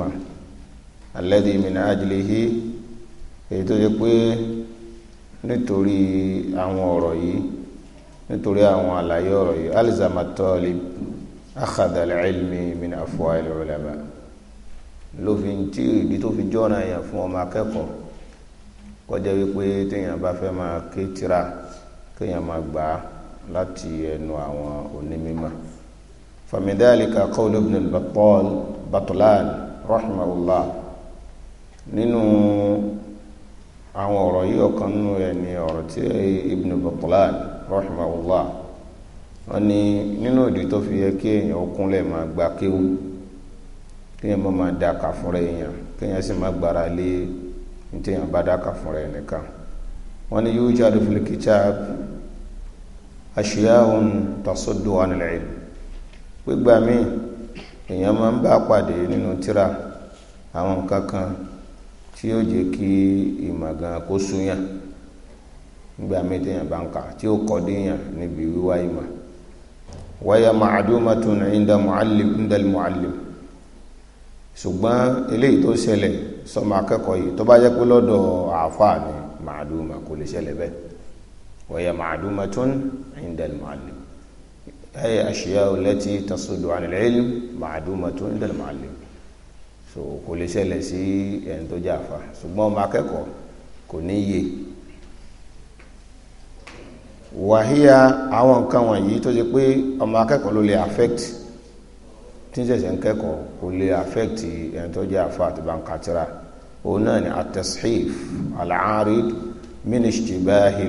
ìtumọ̀ alẹ́dí min ajlihi èyí tó yẹ pé nítorí àwọn ọ̀rọ̀ yìí nítorí àwọn àlàyé ọ̀rọ̀ yìí alzama talib akhadha al-ilmi min afwa'il ulama ló fi ń tí ìdí tó fi jọ́ra yẹn fún ọmọ akẹ́kọ̀ọ́ kọjá wípé téèyàn bá fẹ́ máa ké tira kéèyàn máa gbà á láti ẹnu àwọn onímọ̀ famidalika qawlu ibn al-Battal rahimahullah nínú àwọn ọ̀rọ̀ yìí ọ̀kan nínú ẹ̀ ni ọ̀rọ̀ tí ibn Batlan rahimahullah wọ́n ní nínú ìdí tó fi yẹ kí èèyàn ó kúnlẹ̀ máa gba kéwú kí èèyàn má máa dáka fúnra èèyàn kí èèyàn sì má gbára lé ní tí bá dáka fúnra ẹ̀ nìkan wọ́n ní yujadu fil kitab ashiyaun tasuddu anil ilm gbígbà míì èèyàn máa ń bá pàdé nínú tíra àwọn nǹkan kan tí yóò jẹ́ kí ìmọ̀gàn kó súnyàn nígbà míì téèyàn bá ń kà tí ó kọ́ déèyàn níbi wíwá ìmọ̀ wáyà ma'adumatun inda mu'allim inda ṣùgbọ́n eléyìí tó ṣẹlẹ̀ sọmọ akẹ́kọ̀ọ́ yìí tó bá jẹ́ pé lọ́dọ̀ àáfàá ni ma'aduma kò lè ṣẹlẹ̀ bẹ́ẹ̀ wáyà ma'adumatun inda mu'allim أي أشياء التي تصد عن العلم معدومة عند المعلم so kò lè ṣẹlẹ̀ sí ẹni tó jẹ́ àfa ṣùgbọ́n ọmọ akẹ́kọ̀ọ́ kò ní yé wàhíyà àwọn nǹkan wọ̀nyí tó ṣe pé ọmọ akẹ́kọ̀ọ́ ló lè affect tí ń ṣẹ̀ṣẹ̀ ń kẹ́kọ̀ọ́ kò lè affect ẹni tó jẹ́ àfa àti bankatira òun náà ni atashif al-arid min ishtibahi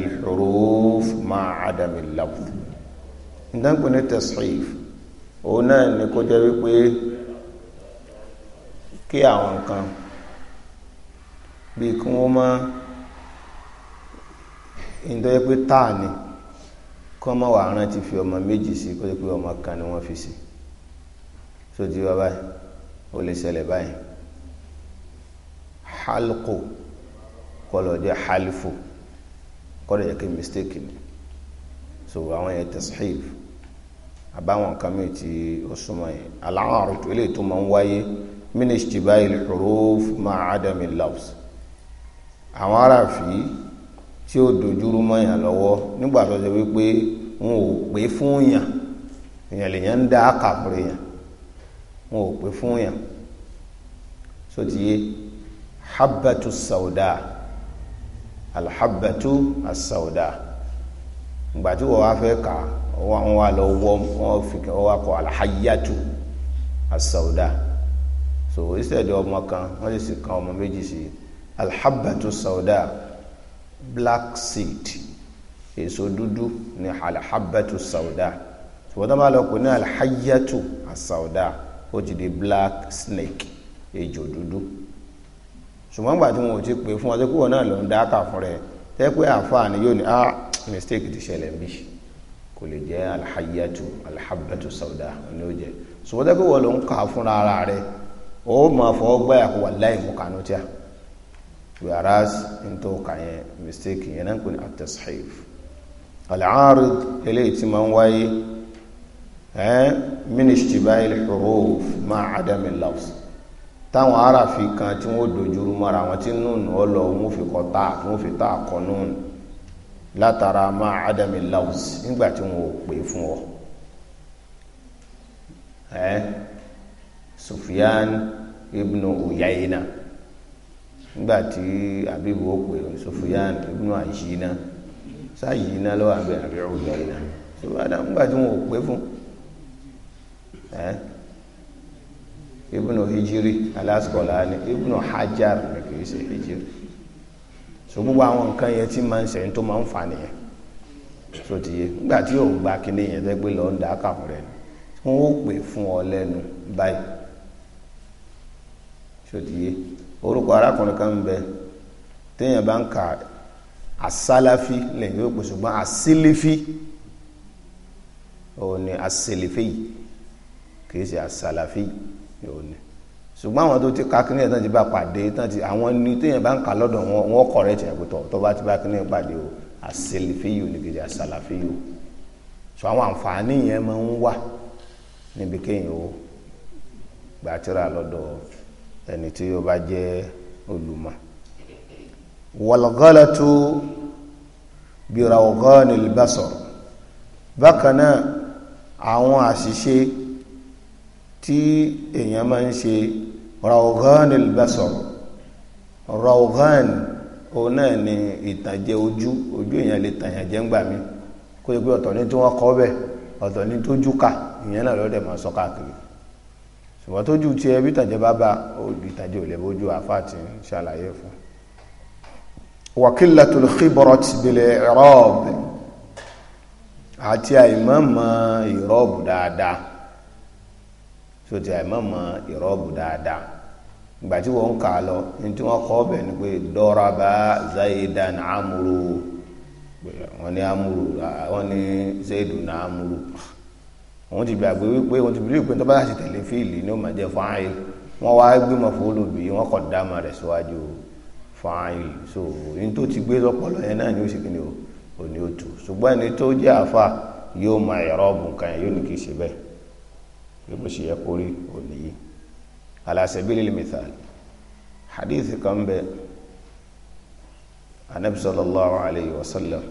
ma adami al ìdánkù ní tasrif òun náà ni kó jẹ́ wípé kí àwọn kan bíi kí wọ́n máa ìdọ́ yẹ pé táà ni kọ́ mọ́ wàá rántí fi ọmọ méjì sí kó jẹ́ pé ọmọ kan ni wọ́n fi sí sójú wa báyìí ó lè ṣẹlẹ̀ báyìí halko kọlọ̀ jẹ́ halifo kọ́lọ̀ jẹ́ kí mistake ni so àwọn yẹn tasrif àbáwọn nǹkan mi tí ó súnmọ́ yẹn aláwọn àrùn tó lè tó máa ń wáyé mínísítì báyìí lùrúf máa ádámì lọ́wọ́s àwọn aráàfin tí ó dojúrú mọ́ yàn lọ́wọ́ nígbà tó ṣe wípé wọn ò pé fún yàn èèyàn lèèyàn ń dá àkàkùrẹ̀ yàn wọn ò pé fún yàn sotiye habatu sauda alhabatu asauda ìgbà tí wọ́n wá fẹ́ kà wọn wà lọ wọ wọn fi wọn wà kọ alahayatu asawuda so ìṣẹ̀dọ̀ ọmọ kan wọ́n sì kan ọmọ méjì sí alhabatu sawuda black seed èso dúdú ní alhabatu sawuda ṣùgbọ́n tó bá lọ pè ní alahayatu asawuda ó ti di black snake ejò dúdú ṣùgbọ́n gbà tí wọn ò ti pè fún ọ tí kúrò náà ló ń dá kà fún rẹ tẹ́ pé àfáà ni yóò ní ah mistake ti ṣẹlẹ̀ ń bí i kò lè jẹ́ alhayatu alhabatu sauda ní ó jẹ́ sọ̀wọ́dẹ́ pé wọ́n ló ń kà á fúnra ara rẹ̀ ó máa fọ́ gbá yà kó wà láì mú kanú tíà whereas n tó kà yẹn mistake yẹn náà ń pè ní atashif al'arid eléyìí tí máa ń wáyé ẹ́n ministry báyìí al ma adam al-lafz táwọn aráàfin kan tí wọ́n dojúrú mọ́ra wọn tí nùnú ọlọ́ọ̀ wọ́n fi kọ́ tá wọ́n fi tá àkọ́ nùnú látara ma adami laus nígbà tí wọn ò pè fún ọ ẹ Sufyan ibnu Uyayna nígbà tí abibu ó pè Sufyan ibnu Uyayna sáyìnà lọ́wọ́ abẹ àbí Uyayna Sufyan nígbà tí wọn ò pè fún ẹ ibnu Hijiri al-Asqalani ibnu Hajar ni kì í ṣe Hijiri. so gbogbo àwọn nǹkan yẹn tí máa ń sẹ́yìn tó máa ń fà nìyẹn so ti yé nígbà tí yóò gba kíní yẹn tẹ́ pé lọ ń dà á kàkùn rẹ̀ ni wọ́n ó pè fún ọ lẹ́nu báyìí so ti yé orúkọ arákùnrin kan ń bẹ téèyàn bá ń ka asálàfí lẹ́yìn yóò pè ṣùgbọ́n asílífí òun ni asílífí kì í ṣe asálàfí òun ni ṣùgbọ́n àwọn tó ti ka kíní ẹ̀ tán ti bá pàdé tán ti àwọn ní téèyàn bá ń kà lọ́dọ̀ wọn wọn kọ̀ rẹ̀ tiẹ̀ pẹ̀tọ̀ tó bá ti bá kíní ẹ̀ pàdé o àṣẹlẹ̀fẹ́yò nìkejì àṣàlàfẹ́yò so àwọn àǹfààní yẹn máa ń wà níbi kéèyàn ó gbàtíra lọ́dọ̀ ẹni tí ó bá jẹ́ olùmọ̀ wàlgọ́lẹ́tù bìrà ọ̀gọ́ nílùbẹ́sọ̀ bákan náà àwọn àṣìṣe tí èèyàn máa ń ṣe rawghan albasar rawghan òun náà ni ìtànjẹ ojú ojú èèyàn lè tàyàn jẹ ń gbà mí kó o gbé ọ̀tọ̀ ní tí wọ́n kọ́ bẹ́ẹ̀ ọ̀tọ̀ ní tó jù ká ìyẹn náà lọ́dẹ̀ máa sọ káàkiri ṣùgbọ́n tójú tí ẹbí ìtànjẹ bá bá ìtànjẹ ò lè bójú àfa ń ṣàlàyé fún. wa qillatul khibrat bil àti àìmọ̀mọ̀ i'rab dáadáa sọ ti àìmọ̀mọ̀ i'rab dáadáa ìgbà tí wọ́n ń kà á lọ ní tí wọ́n kọ́ ni pé dọ́raba zaidan amuru wọ́n ní amuru wọ́n ní zaidun amuru wọ́n ti gbàgbé wípé wọ́n ti bílíì pé tó bá sì tẹ̀lé fíìlì ní òmà jẹ́ fáìlì wọ́n wá gbìmọ̀ fóònù bí wọ́n kọ̀ dáàmà rẹ̀ síwájú fáìlì so ní tó ti gbé lọ́pọlọ yẹn náà ní òsìkí ni ò ní òtù ṣùgbọ́n ẹni tó jẹ́ àfa yóò máa ẹ̀rọ ọ̀bùn kan yóò ní kì í ṣe bẹ́ẹ̀ bí mo ṣe yẹ kórè òní yìí ala sabilil mithal hadith kan bẹ anabi sallallahu alayhi wa sallam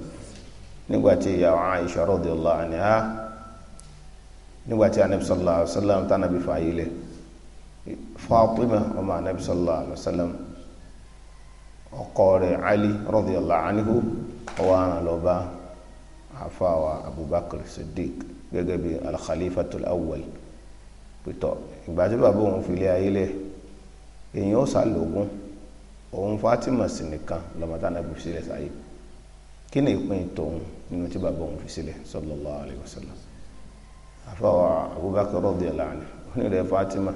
nígbàtí ìyàwó aisha radiyallahu anha nígbàtí anabi sallallahu alayhi wa sallam tánàbí fààyè lẹ fatima ọmọ anabi sallallahu alayhi wa sallam ọkọ rẹ̀ ali radiyallahu anhu ọwọ àràn lọba àfàwà abubakar siddiq gẹ́gẹ́ bí alkhalifatul awwal pìtọ̀ ìgbà tí bàbá òun fi ilé ayé lẹ̀ èyàn ó sàlógún òun Fatima sì nìkan lọ́mọdé anábì sílẹ̀ sáyé kí ni ìpín tòun nínú tí bàbá òun fi sílẹ̀ sallallahu alaihi wasallam àfọwọ́ Abubakar radiyallahu anhu onírẹ̀ Fatima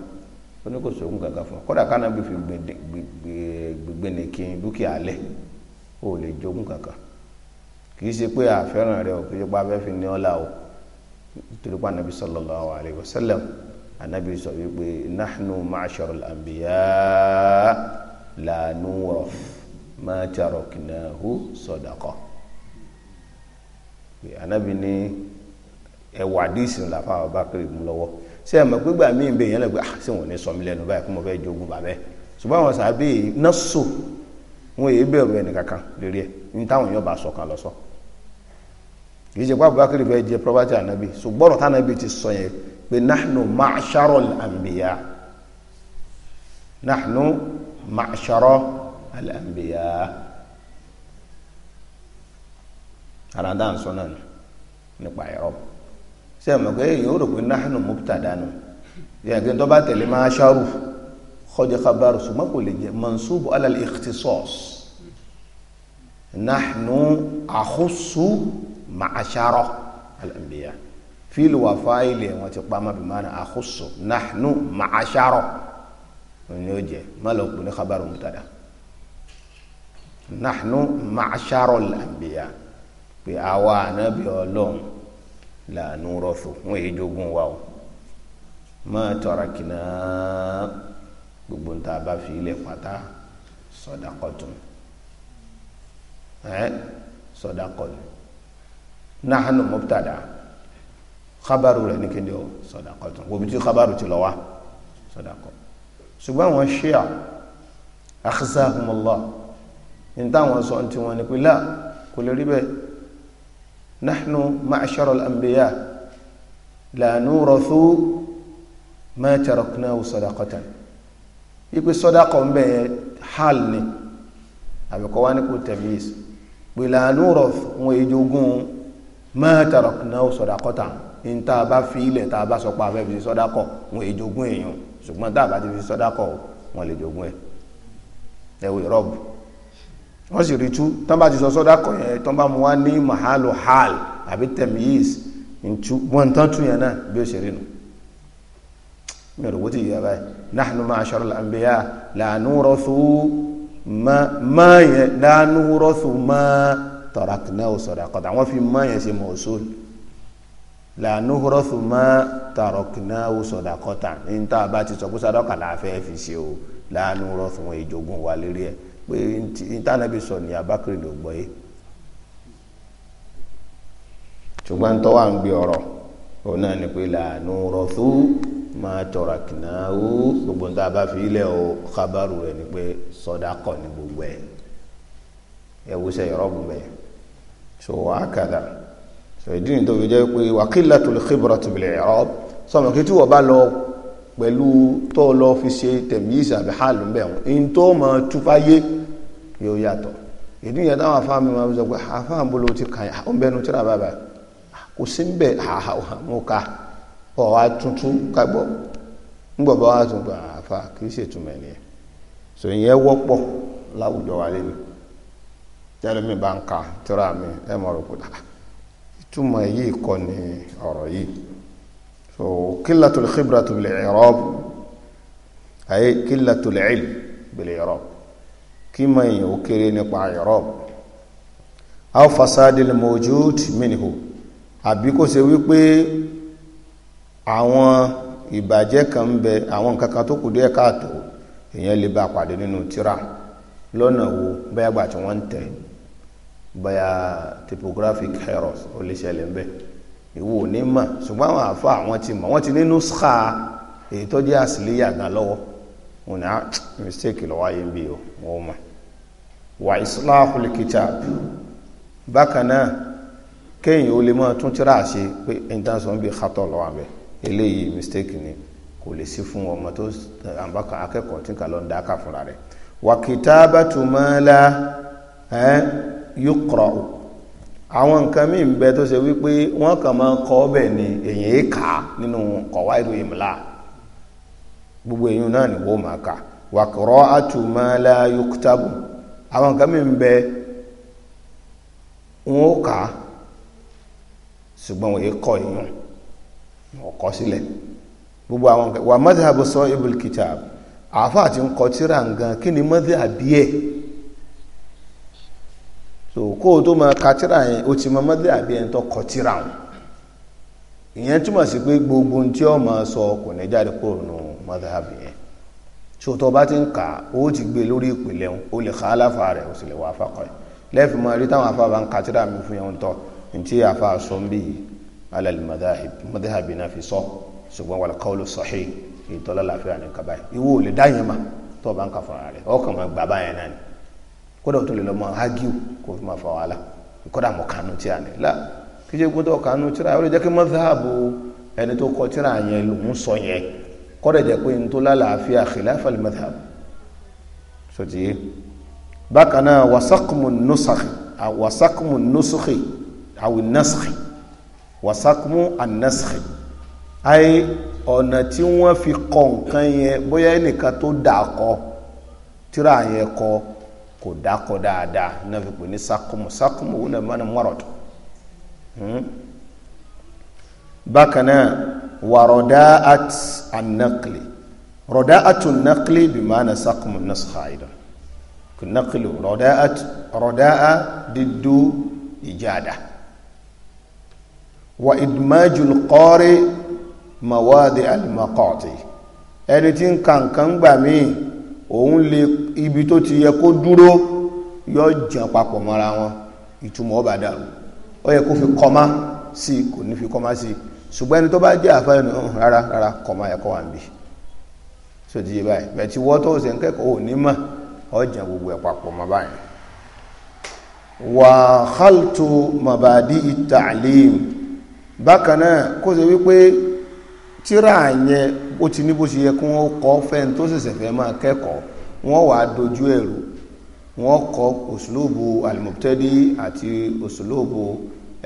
oníkòsó ń gàgà fún ọ kódà kánábì fi gbègbènìkì dúkìá lẹ̀ ó lè jogún kankan kì í ṣe pé àfẹ́ràn rẹ ò kí ó pa abẹ́fin ní ọ́là o nítorí pé anábì sallallahu alaihi wasallam anabi sọ wípé nahnu ma'asharul anbiya la nuwaraf ma taraknahu sadaqa anabi ní ẹwà díìsì ńlá fáwọn bá kiri mú lọ́wọ́ ṣé ẹ mọ̀ pé gbà mí bẹ yẹn lẹ́gbẹ̀ẹ́ ah ṣé wọn ní sọmi lẹ́nu báyìí kí mo fẹ́ jogún bàbẹ́ ṣùgbọ́n àwọn sàbẹ̀ nọ́ọ̀sù wọn èyí bẹ̀rù ẹnì kankan lérí ẹ̀ ní táwọn èèyàn bá sọ kan lọ sọ kì í ṣe pé Abubakar jẹ property anabi ṣùgbọ́n ọ̀rọ̀ tánabi ti sọ yẹn بنحن معشر الأنبياء نحن معشر الأنبياء على دان سنن نبقى يرب سيما قيل يورك نحن مبتدان يعني كنتو باتل ما شاروف خد خبر سوما قول منصوب على الاختصاص نحن أخص معشر الأنبياء fíìlù wà fáìlì wọn ti pa mábì máa àkóso nahnu màáṣárọ ni ó jẹ má lọ pè ní kábàrò mùtàdà nahnu màáṣárọ làǹbìyà pé àwa ànábì Ọlọ́run làánú rọfò wọn èyí jogún wa o máa tọrọ kìnnà gbogbo ń bá fi ilẹ̀ pátá sọdakọtun ẹ sọdakọtun nahnu mubtada kábàrù rẹ̀ ní kéde o sọ̀dàkọ̀ tó wọ́n tí kábàrù ti lọ wá sọ̀dàkọ̀ ṣùgbọ́n àwọn ṣíà akhzahumullah ní táwọn sọ ti wọn ni pé láà kò lè rí bẹ́ẹ̀ nahnu ma'ashara al-anbiya la nurathu ma taraknahu sadaqatan ipe sọdakọ ń hal ni àbíkọ wa ni kò tamyiz pé la nurathu wọn ma taraknahu sadaqatan ní tá a bá fi ilẹ̀ tá a bá sọ pé a sọ́dá kọ̀ wọn èyí jogún èèyàn ṣùgbọ́n tá a bá ti fi sọ́dá kọ̀ wọn lè jogún ẹ̀ ẹ̀wò ìrọ́bù wọ́n sì rí tú tán bá ti sọ sọ́dá kọ̀ yẹn tán bá mu wá ní mahalo hal àbí tẹ̀míyìs ntú wọn tán tún yẹn náà bí ó ṣe rí nu mi ò rò wó ti yẹ báyìí nahnu ma'asharal anbiya la nurathu ma yẹn la nurathu ma tarakna sadaqata àwọn fi ma yẹn ṣe mọ̀ọ́sọ́lù lànúhùrọ́sù mọ́ tàrọ̀kìnà sọ̀dàkọ́tà ní tá a bá ti sọ pé sádọ́kà la fẹ́ fi ṣe o lànúhùrọ́sù wọn ìjogún wa lérí ẹ̀ pé ìtànàbí sọ ní abákiri ló gbọ́ yé ṣùgbọ́n tó wà ń gbé ọ̀rọ̀ òun náà ni pé lànúhùrọ́sù mọ́ tàrọ̀kìnà gbogbo tá a fi ilẹ̀ o kábàrù rẹ̀ ni pé sọ̀dàkọ̀ ni gbogbo ẹ̀ ẹ̀ wúṣẹ̀ yọ̀rọ̀ bù so wàá kàdà. So, ìdí ni tó fi jẹ́ pé wàkílà tó lè kébùrà tó bìlẹ̀ ẹ̀rọ sọmọ kí tí wọ́n bá lọ pẹ̀lú tó lọ fi ṣe tẹ̀míìsì àbí hàlù bẹ̀ wọn in tó mọ túfáyé yóò yàtọ̀ ìdí yẹn táwọn afá mi máa ń sọ pé ah, afá ń bolo ti kàn yà ó ń bẹnu tíra bàbà ah, kò sí ń bẹ mo ka ọ̀ wá tuntun ká gbọ́ ń gbọ́ bá wá tún gbà ah, afá kì í ṣètumọ̀ ẹ̀ sọ ìyẹn wọ́pọ̀ láwùjọ wa lẹ́nu tẹ́lẹ̀ mi bá ń ka tíra mi ẹ̀ mọ̀ rò kó dáa túmọ̀ èyí kọ́ ni ọ̀rọ̀ yìí so qillatul khibratu bil i'rab ay qillatul ilm bil i'rab kí mọ̀ èyàn ó kéré nípa i'rab aw fasadil mawjud minhu àbí kó ṣe wípé àwọn ìbàjẹ́ kan bẹ àwọn nǹkan kan tó kù díẹ̀ káàtó èèyàn lè bá pàdé nínú tírà lọ́nà wo bẹ́ẹ̀ gbà tí wọ́n ń tẹ̀ baya typographic errors ó lè ṣẹlẹ̀ ńbẹ̀ ìwọ ò ní mọ̀ ṣùgbọ́n àwọn àfa àwọn ti mọ̀ wọ́n ti ní nuskha èyí tó jẹ́ àsìlíyà gan lọ́wọ́ wọn ni ah, mistake lọ́wọ́ ayé ń bí o wọ́n mọ̀ wà islahul kitab bákan náà kéyìn ó lè mọ́ tún tíra ṣe pé intanṣọ́n bí xatọ́ lọ́wọ́ àbẹ̀ eléyìí mistake ni kò lè sí fún ọmọ tó àbákan akẹ́kọ̀ọ́ tí kà ń dáká fúnra rẹ̀ wà kitabatu mala ẹ́ yuqra'u àwọn nǹkan míì ń bẹ tó ṣe wípé wọ́n kàn máa ni èyàn é kà á nínú imla gbogbo èyàn náà ni wọ́n máa kà ma la àwọn nǹkan míì ń bẹ wọ́n ó kà á ṣùgbọ́n èyàn gbogbo àwọn nǹkan wa madhhabu sahibul kitab àáfàá ti ń nǹkan kí so kó o tó máa ka tíra yẹn o ti mọ mọ́tò àbí ẹni tó kọ tíra wọn ìyẹn túmọ̀ sí pé gbogbo ohun tí ọ máa sọ kò ní jáde kúrò nù mọ́tò àbí yẹn so tó o bá ti ń kà ó ti gbé e lórí ìpìlẹ̀ wọn o lè ka aláfa rẹ̀ o sì lè wà afa kọ́ ẹ lẹ́ẹ̀fì máa rí táwọn afa bá ń ka mi fún yẹn tọ́ ntí afa sọ ń bí alal mọ́tò àbí náà fi sọ ṣùgbọ́n wal qawlu ma tó o bá ń ka kódà tó lè lọ mọ ágíù kó fi máa fa wàhálà kódà mọ kánú tíra ni la kí ṣe gbọ́dọ̀ kánú tíra ó lè jẹ́ kí mọ́sáàbù ẹni tó kọ tíra yẹn lòún sọ yẹn kódà jẹ́ pé n tó lálàáfíà khilafa al madhhab sọtì yé bákan náà wasaqmu nusakhi wasaqmu nusukhi awi nasakhi wasaqmu anasakhi ayé ọ̀nà tí wọ́n fi kọ nǹkan yẹn bóyá ẹnìkan tó dà kọ tíra yẹn kọ kò dákọ dáadáa náà fi pè ní sakumu sakumu wọn náà mọ́nà mọ́rọ̀dù hmm? bákan náà wà rọ̀dá at anakli rọ̀dá at anakli bí máa na sakumu naskha idan kò nakli rọ̀dá at rọ̀dá a dídú ìjáda wa idmajul qari mawadi al maqati ẹni kankan gbà òun lè ibi tó ti yẹ kó dúró yọ jàn papọ̀ mọ́ra wọn ìtumọ̀ ọba dàrú ó yẹ kó fi kọ́má sí kò ní fi kọ́má sí ṣùgbọ́n ẹni tó bá jẹ́ àfáà ẹni rárá rárá kọ́má yẹ kọ́ wà ń bì so ti yé báyìí bẹ́ẹ̀ tí wọ́n tó ṣe ń kẹ́kọ̀ọ́ ò ní mọ̀ ọ jàn gbogbo ẹ̀ papọ̀ mọ́ báyìí. wà á xaltu mabadi itaalim bákan náà kó ṣe wípé tíra yẹn ó ti ní bó ṣe yẹ kí wọ́n kọ́ fẹ́ni tó ṣẹ̀ṣẹ̀ fẹ́ máa kẹ́kọ̀ọ́ wọ́n wà á dojú ẹ̀rù wọ́n kọ́ òṣùlóòbù alimọ̀tẹ́dì àti òṣùlóòbù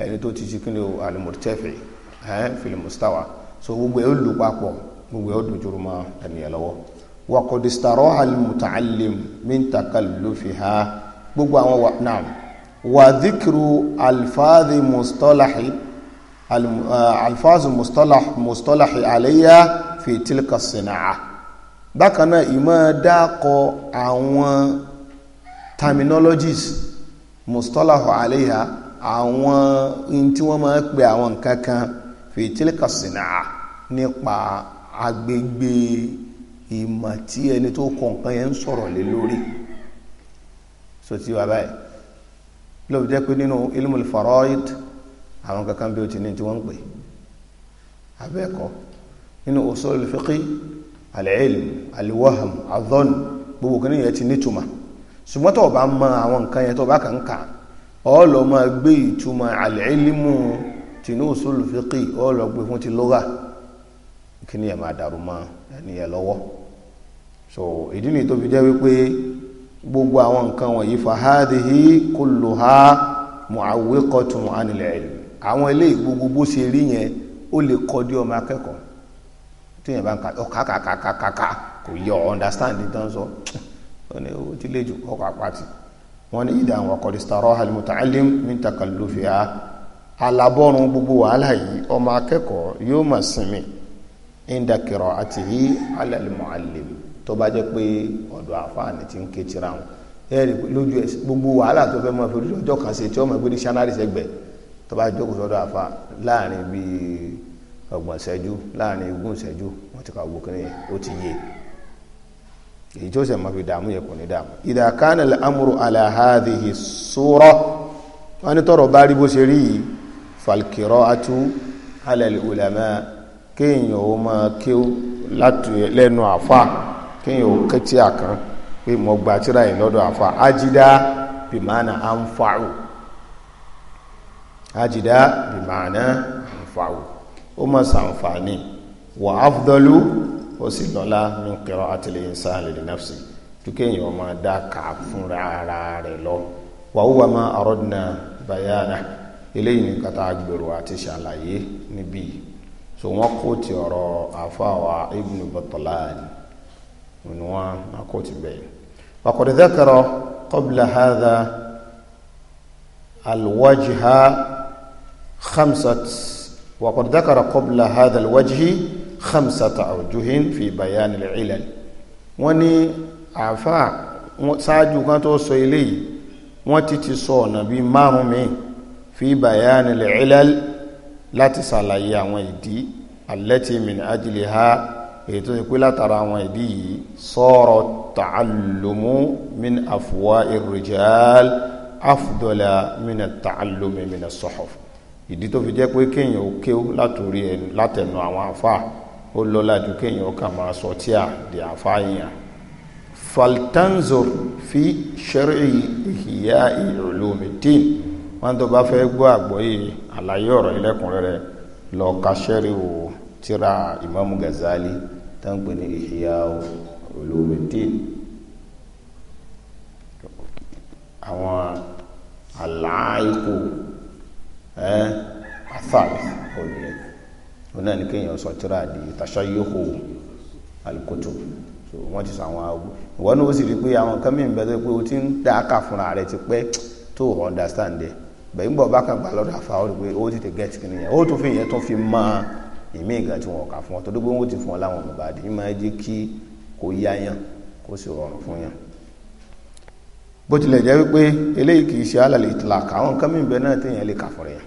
ẹni tó ti ṣìkìlẹ̀ alimọ̀tẹ́fẹ̀ ẹ̀ filimustawa so gbogbo ẹ̀ ó lù papọ̀ gbogbo ẹ̀ ó dojúrú ma ẹnìyàn lọ́wọ́ wakọ̀dìsítàrọ̀ alimutaalim mintakalofiha gbogbo àwọn wa naam wàdíkìrù alfáàdì mustalahi alfáàzù mustalahi alayya fi tilka sina'a bákan náà ìmọ̀ dákọ àwọn terminologies mustalahu alayha àwọn in tí wọ́n máa ń pè àwọn nǹkan kan fi tilka sina'a nípa agbègbè ìmọ̀ tí ẹni tó kọ nǹkan yẹn ń sọ̀rọ̀ lé lórí so ti wà báyìí lóbi pé nínú ilmul faraid àwọn kankan bí o ti ní tí wọ́n ń pè abẹ́ẹ̀kọ́ nínú usul fiqi al-ilm al-wahm al-dhann gbogbo kan yẹn ti nítumọ̀ ṣùgbọ́n tó o bá mọ àwọn nǹkan yẹn tó o bá kàn ń kà ọ lọ máa gbé ìtumọ̀ al-ilmu tinú usul fiqi ọ lọ gbé fún ti lugha kí ni yẹn máa dàrú mọ́ ẹni yẹn lọ́wọ́ so ìdí nìyí tó fi jẹ́ wípé gbogbo àwọn nǹkan wọ̀nyí fahadihi kulluha mu'awwiqatun anil ilm àwọn eléyìí gbogbo bó ṣe rí yẹn ó lè kọ́ di ọmọ akẹ́kọ̀ọ́ téèyàn bá ń ka ọkà kàkàkàkà kò yọ understand nítan sọ wọn ni owó tílé jù ọkọ àpáti wọn ni ìdá àwọn ọkọ ìstarọ al-muta'allim min takallufiha alábọrun gbogbo wàhálà yìí ọmọ akẹ́kọ̀ọ́ yóò mà sinmi inda qira'atihi ala al-mu'allim tó bá jẹ́ pé ọ̀dọ̀ àfáàní ti ń ké tira wọn ẹ̀rí lójú ẹ̀ gbogbo wàhálà tó fẹ́ mọ́ ẹ̀ fi ọjọ́ kan ṣe tí ọmọ ẹgbẹ́ ní sanari sẹ́gbẹ̀ẹ́ tó bá jókòó sọ́dọ̀ àfa láàrin bíi ọgbọ̀n ìṣẹ́jú láàrin ogún ìṣẹ́jú wọ́n ti ka gbogbo kìíní yẹn ó ti yé èyí tó sì máa fi dààmú yẹ kò ní dààmú. idha kana al-amru ala hadhihi sura wọ́n tọrọ bá rí bó ṣe rí yìí falqira'atu ala al-ulama kéèyàn ó máa ké láti lẹ́nu àfa kéèyàn ó kẹ́tí àkàn pé mo gba tíra yìí lọ́dọ̀ àfa ajídá bìmánà ànfàù ajídá bìmánà ànfàù ó máa ṣàǹfààní wà áfúdọ́lú ó sì lọ́lá ní kẹrọ àtìlẹyìn sáàlì ní nafsi dúkẹ́ èèyàn ọmọ dá kà fúnra ara rẹ̀ lọ wà ó wà má àrọ́dúnà bayana eléyìí ní kàtà gbèrò àti ṣàlàyé níbí so wọ́n kó ti ọ̀rọ̀ àfáwà ibn Batlan ni wọ́n kó ti bẹ̀yìn وقد ذكر قبل هذا الوجه خمسة وقد ذكر قبل هذا الوجه خمسة أوجه في بيان العلل وني عفا ṣáájú kan tó sọ eléyìí wọ́n ti ti sọ ọ̀nà bíi márùn mi fi bayan al-ilal láti ṣàlàyé àwọn ìdí allati min ajliha èyí tó ti pé látara àwọn ìdí yìí sara ta'allumu min afwa'i rijal afdala min at-ta'allumi min as-suhuf ìdí tó fi jẹ́ pé kéèyàn ó kéwú látòrí ẹnu látẹnu àwọn àfa ó lọ́lá ju kéèyàn ó kà máa sọ tí à di àfa yẹn faltanzor fi shar'i ihya ulumuddin wọn tó bá fẹ́ gbọ́ àgbọ́yé àlàyé ọ̀rọ̀ ẹlẹ́kùnrẹ́rẹ́ lọ ka shar'i wò tíra Imam gazali tó ń pè ní ihya ulumuddin àwọn àlàáìkò ẹ athalis ònìyẹn òun náà ni kéèyàn sọ tíra di tashayuhu al alikoto so wọ́n ti sọ àwọn awo ìwọ náà ó sì rí i pé àwọn kan mìíràn bẹ́ẹ̀ pé o ti ń dá a fúnra rẹ ti pẹ́ tó understand ẹ bẹ́ẹ̀ ń bọ̀ bá kan gbà lọ́dọ̀ àfa rí i ti get kí nìyẹn o tún fi ìyẹn tún fi mọ ìmí fún ọ tó dúpẹ́ fún ọ láwọn ọmọ ìmọ̀ ẹ jẹ́ kí kò kó fún yàn. bó tilẹ̀ jẹ́ wípé eléyìí kìí ṣe alàlẹ̀ ìtìlàkà àwọn nǹkan mìíràn náà téèyàn lè kà fún rẹ̀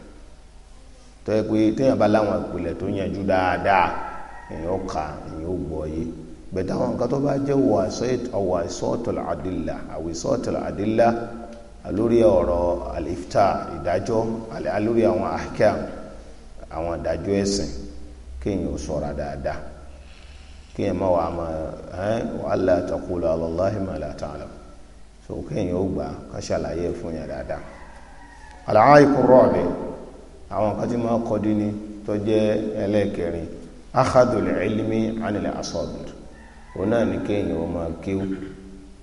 tó yẹ pé téèyàn bá láwọn ìpìlẹ̀ tó yanjú dáadáa èèyàn kà èèyàn ó gbọ́ yé bẹ̀tẹ̀ àwọn nǹkan tó bá jẹ́ ọwọ́ àìsọ́ọ̀tọ̀lá àdìlà àwòsọ́ọ̀tọ̀lá àdìlà lórí ọ̀rọ̀ àlìftà ìdájọ́ lórí àwọn ahkam àwọn ìdájọ́ ẹ̀sìn kéèyàn ó ṣọ́ra dáadáa kéèyàn má wàá máa ẹ́ wàhálà taqulu ala Allahi so kéèyàn ó gbà ká ṣàlàyé fún yàn dáadáa àlàá ìkúrọ̀ àwọn nǹkan ma máa kọ́ dín ní tó jẹ́ ẹlẹ́ẹ̀kẹrin akhadul ilmi anil asabir òun náà ni kéèyàn ó máa kéwú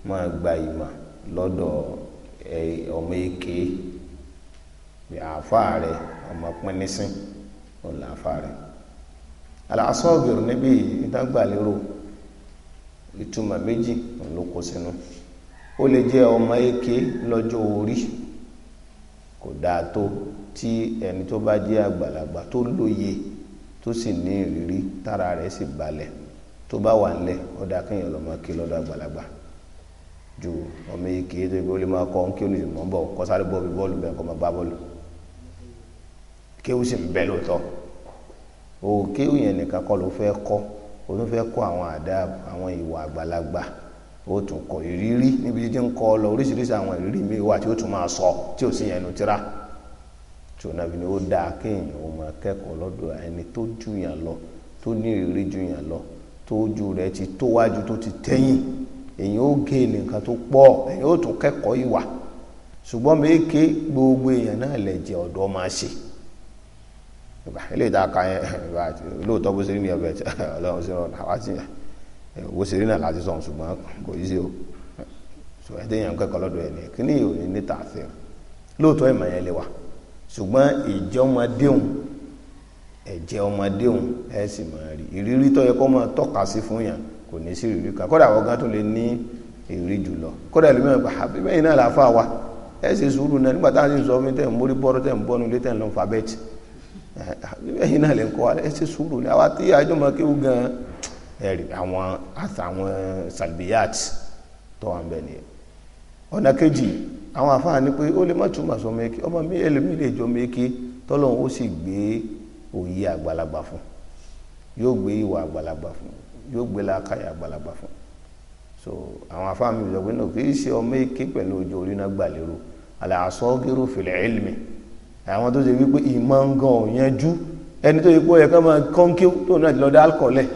máa gba ìmọ̀ lọ́dọ̀ ọmọ èké àáfàá rẹ ọmọ òun làáfàá rẹ ìdágbàlérò ìtumọ̀ méjì òun ló kó sínú. ó lè jẹ́ ọmọ eke lọ́jọ́ orí kò dáa tó tí ẹni tó bá jẹ́ àgbàlagbà tó lóye tó sì ní ìrírí tára rẹ̀ sì balẹ̀ tó bá wà ńlẹ̀ ó dáa kéèyàn lọ́mọ eke àgbàlagbà ju ọmọ eke tó yẹ kó lè máa kọ́ kí olùsìmọ̀ bọ̀ kọ́ sáré bọ́ọ̀lù bọ́ọ̀lù bẹ́ẹ̀ kọ́ máa gbá bọ́ọ̀lù kéwù sì ń bẹ lóòótọ́ o kéwù yẹn nìkan kọ́ ló fẹ́ kọ́ ló fẹ́ kọ́ àwọn àdáàbò àwọn ìwà àgbàlagbà ó tún kọ ìrírí níbi títí ń kọ lọ oríṣiríṣi àwọn ìrírí mi wà tí ó tún máa sọ tí ò sí yẹn nu tíra tí ò nàbí ni ó dáa kéèyàn ó máa kẹ́kọ̀ọ́ lọ́dọ̀ ẹni tó ju lọ tó ní ìrírí ju lọ tó ju ti tó wájú tó ti tẹ́yìn èyí ó gé nìkan tó pọ̀ èyí ó tún kẹ́kọ̀ọ́ ìwà ṣùgbọ́n méèké gbogbo èèyàn náà lẹ̀jẹ̀ ọ̀dọ́ máa ṣe ilé ìta yẹn lóòótọ́ bó ṣe rí ọbẹ̀ ọlọ́run ṣe rọrùn àwa ti yàn owó ṣeré náà láti sọ̀rọ̀ ṣùgbọ́n kò yí sí o sọ ẹ́ déyàn kẹ́kọ̀ọ́ lọ́dọ̀ ẹ̀ ní kíní yìí ò ní níta àfẹ́ lóòótọ́ ìmọ̀ yẹn lè wà ṣùgbọ́n ìjọmọdéhùn ẹ̀jẹ̀ ọmọdéhùn ẹ̀ sì máa rí ìrírí tó yẹ kó máa tọ́ka sí fún yàn kò ní sí ìrírí kan kódà àwọn gan lè ní ìrírí jùlọ kódà ìlú mẹ́rin pa àbí bẹ́yìn náà làáfà wa ẹ̀ sì sùúrù náà nígbà táwọn sì sọ fún mi tẹ̀ ń mórí bọ́rọ̀ tẹ̀ ń bọ́nu ilé tẹ̀ ń lọ fàbẹ́ẹ̀tì àbí bẹ́yìn náà lè kọ́ ẹ̀ sì sùúrù ní àwa tí àjọmọ́ kéwù gan-an ẹ̀rí àwọn àtàwọn salbiyat tó wà ń bẹ̀ nìyẹn ọ̀nà kejì àwọn àfáà ní pé ó lè má túmọ̀ sọ mẹ́kẹ́ ọmọ mi ẹlòmíì lè jọ mẹ́kẹ́ tọ́lọ́hún ó sì gbé òye àgbàlagbà fún yóò gbé ìwà àgbàlagbà fún yóò gbé làákàyà àgbàlagbà fún so àwọn àfáà mi sọ pé náà kì í ṣe ọmọ èké pẹ̀lú ojú orí náà gbà lérò àlẹ́ àsọ́gẹ́rò fìlẹ̀ ẹ̀lmì àwọn tó ṣe wípé ìmọ̀ ń gan ọ̀yanjú ẹni tó yẹ kó yẹ ká máa kọ́ńkí tó náà ti lọ dá alkọ̀ọ́lẹ̀